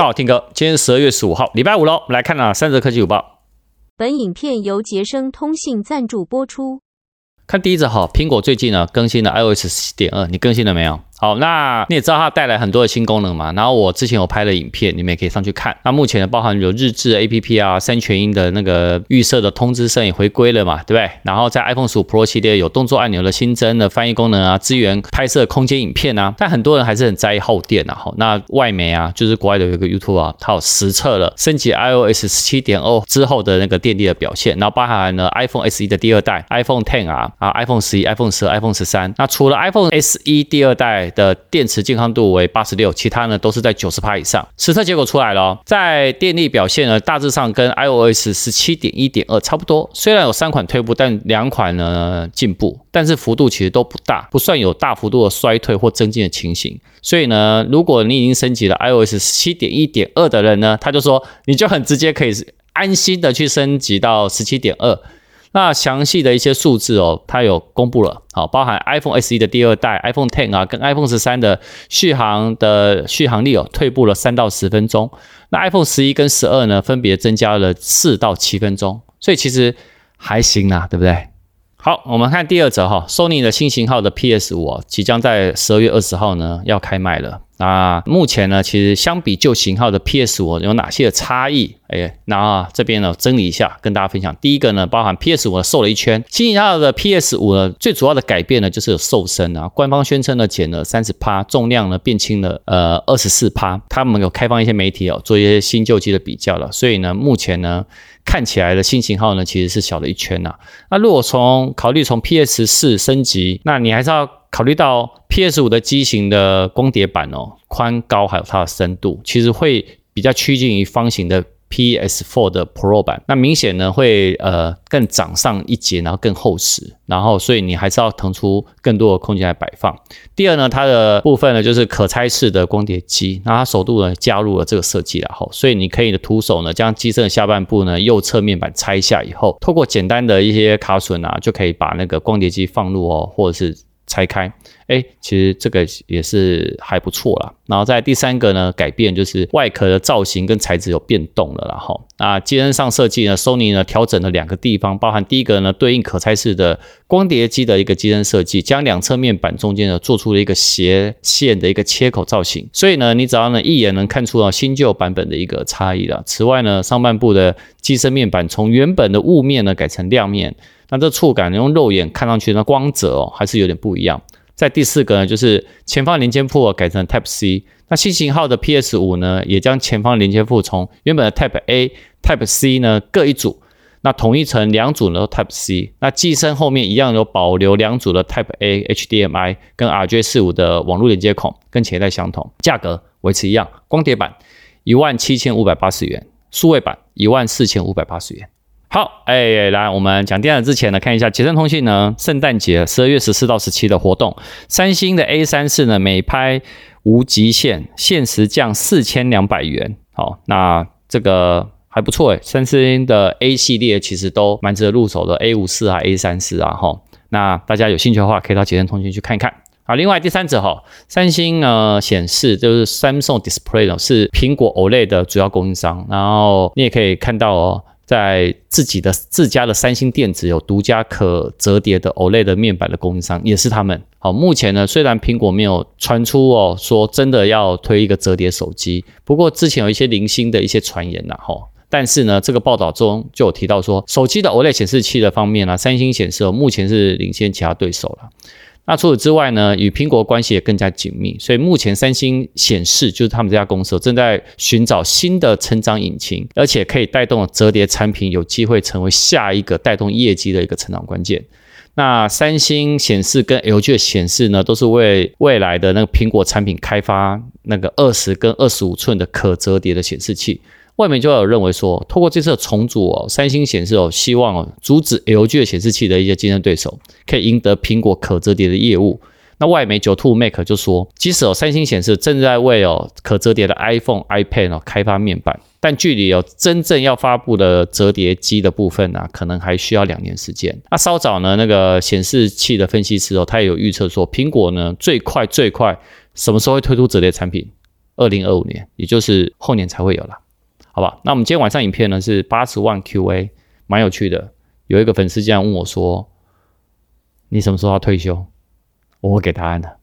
大家好，Tim 哥，今天是十二月十五號，禮拜五嘍。我們來看啊三則科技午報。本影片由傑生通信贊助播出。看第一則哈，蘋果最近呢更新了 iOS 十七點二，你更新了沒有？好，那你也知道它帶來很多的新功能嘛，然後我之前有拍的影片，你們也可以上去看。那目前包含有日誌 APP 啊，三全音的那個預設的通知聲音回歸了嘛，對不對？然後在 iPhone 十五 Pro 系列有動作按鈕的新增的翻譯功能啊，支援拍攝空間影片啊。但很多人還是很在意耗電啊。好，那外媒啊，就是國外的有個 YouTuber 啊，它有實測了升級 iOS 十七點二之後的那個電力的表現。然後包含了 iPhone SE 的第二代，iPhone Ten 啊啊，iPhone 十一、iPhone 十二、iPhone 十三。那除了 iPhone SE 第二代的電池健康度為八十六，其他呢都是在九十趴以上。實測結果出來咯，在電力表現呢大致上跟 iOS 十七點一點二差不多，雖然有三款退步，但兩款呢進步，但是幅度其實都不大，不算有大幅度的衰退或增進的情形。所以呢，如果你已經升級了 iOS 十七點一點二的人呢，他就說你就很直接可以安心的去升級到十七點二。那詳細的一些數字哦，它有公布了，好，包含 iPhone SE 的第二代 iPhone X 啊，跟 iPhone 十三的續航的續航力哦，退步了三到十分鐘。那 iPhone 十一跟十二呢，分別增加了四到七分鐘，所以其實還行啦、啊，對不對？好，我們看第二則哈、哦、，Sony 的新型號的 PS 五、哦、即將在十二月二十號呢要開賣了。那目前呢，其實相比舊型號的 PS5 有哪些的差異？哎，然後啊這邊呢整理一下，跟大家分享。第一個呢，包含 PS5 瘦了一圈，新型號的 PS5 呢，最主要的改變呢就是有瘦身啊。官方宣稱呢減了三十趴，重量呢變輕了呃二十四趴。他們有開放一些媒體哦，做一些新舊機的比較了。所以呢，目前呢看起來的新型號呢其實是小了一圈吶、啊。那如果從考慮從 PS4 升級，那你還是要。考慮到 PS 五的機型的光碟板哦，寬高還有它的深度，其實會比較趨近於方形的 PS four 的 Pro 版。那明顯呢會呃更長上一截，然後更厚實，然後所以你還是要騰出更多的空間來擺放。第二呢，它的部分呢就是可拆式的光碟機，那它首度呢加入了這個設計，然後所以你可以你的徒手呢將機身的下半部呢右側面板拆下以後，透過簡單的一些卡榫啊，就可以把那個光碟機放入哦，或者是。拆開，哎，其實這個也是還不錯啦。然後在第三個呢，改變就是外殼的造型跟材質有變動了。然後，那機身上設計呢，Sony 呢調整了兩個地方，包含第一個呢，對應可拆式的光碟機的一個機身設計，將兩側面板中間呢做出了一個斜線的一個切口造型，所以呢，你只要呢一眼能看出啊新舊版本的一個差異了。此外呢，上半部的機身面板從原本的霧面呢改成亮面，那這觸感用肉眼看上去呢光澤哦還是有點不一樣。在第四個呢，就是前方連接埠改成 Type C。那新型號的 PS 五，呢，也將前方連接埠從原本的 Type A、Type C 呢各一組，那統一成兩組呢 Type C。那機身後面一樣有保留兩組的 Type A HDMI 跟 RJ45 的網絡連接孔，跟前一代相同，價格維持一樣。光碟版一萬七千五百八十元，數位版一萬四千五百八十元。好，哎、欸，來，我們講電子之前呢，看一下捷森通信呢，聖誕節十二月十四到十七的活動，三星的 A 三四呢，每拍無極限，限時降四千兩百元。好、哦，那這個還不錯誒，三星的 A 系列其實都蠻值得入手的，A 五四啊，A 三四啊，哈、啊哦。那大家有興趣的話，可以到捷森通訊去看一看。好，另外第三則哈，三星呢、呃、顯示就是 Samsung Display 是蘋果 OLED 的主要供應商，然後你也可以看到哦。在自己的自家的三星電子有獨家可折疊的 OLED 的面板的供應商，也是他們。好，目前呢，雖然蘋果沒有傳出哦，說真的要推一個折疊手機，不過之前有一些零星的一些傳言吶，吼，但是呢，這個報道中就有提到說，手機的 OLED 顯示器的方面呢，啊，三星顯示目前是領先其他對手了。那除此之外呢，與蘋果關係也更加緊密，所以目前三星顯示就是他們這家公司正在尋找新的成長引擎，而且可以帶動摺疊產品有機會成為下一個帶動業績的一個成長關鍵。那三星顯示跟 LG 的顯示呢，都是為未來的那個蘋果產品開發那個二十跟二十五寸的可摺疊的顯示器。外媒就有認為說，透過這次的重組哦，三星顯示哦，希望哦阻止 LG 的顯示器的一些競爭對手可以贏得蘋果可折疊的業務。那外媒 9to5Mac 就說，即使哦，三星顯示正在為哦可折疊的 iPhone、iPad 哦開發面板，但距離哦，真正要發布的折疊機的部分呢、啊，可能還需要兩年時間。那稍早呢，那個顯示器的分析師哦，他也有預測說，蘋果呢最快最快什麼時候會推出折疊產品？二零二五年，也就是後年才會有啦。好吧，那我們今天晚上影片呢是八十萬 QA，蠻有趣的。有一個粉絲竟然問我說：“你什麼時候要退休？”我會給答案的。